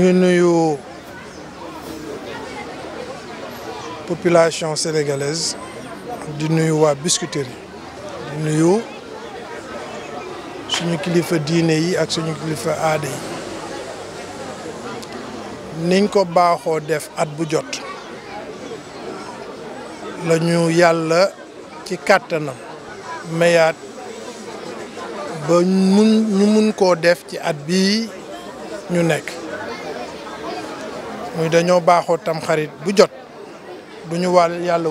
ñu nuyu population sénégalaise di nuyu waa Biscuiterie di nuyu suñu kilifa diine yi ak suñu kilifa aada yi niñ ko baaxoo def at bu jot lañu yàlla ci kàttanam mayaat ba mun ñu mun koo def ci at bii ñu nekk muy nyoba baaxoo tam xarit bu jot du ñu wàll yàlla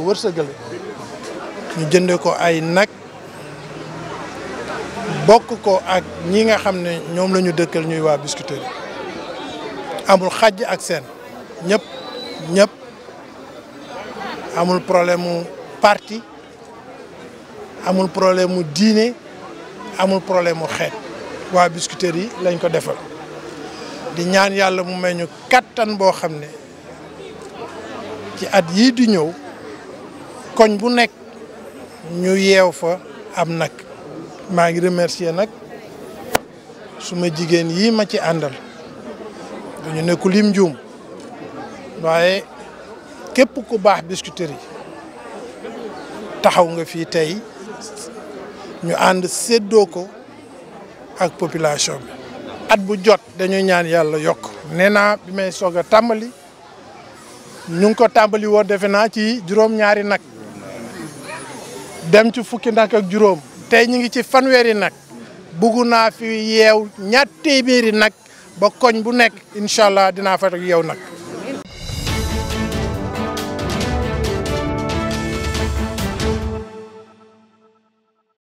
ñu jënde ko ay nag bokk ko ak ñi nga xam ne ñoom dëkkal ñuy amul xàjj ak nyep nyep, amul problème parti amul problème mu amul problème mu wa waa Biscuiterie yi lañ ko di ñaan yàlla mu may ñu kàttan boo xam ne ci at yii di ñëw koñ bu nekk ñu yeew fa am nag maa ngi remercier nag suma jigéen yii ma ci àndal dañu nekku lim juum waaye képp ku baax Biscuiterie yi taxaw nga fii tey ñu ànd séddoo ko ak population bi at bu jot dañuy ñaan yàlla yokk nee naa bi may soog a tàmbali ñu ngi ko tàmbali woon defe naa ci juróom-ñaari nag dem ci fukki nag juróom te ñu ngi ci fanweeri nag bugg naa fi yeew ñaar téeméeri nag ba koñ bu nekk incha allah dinaa fa yeew nag.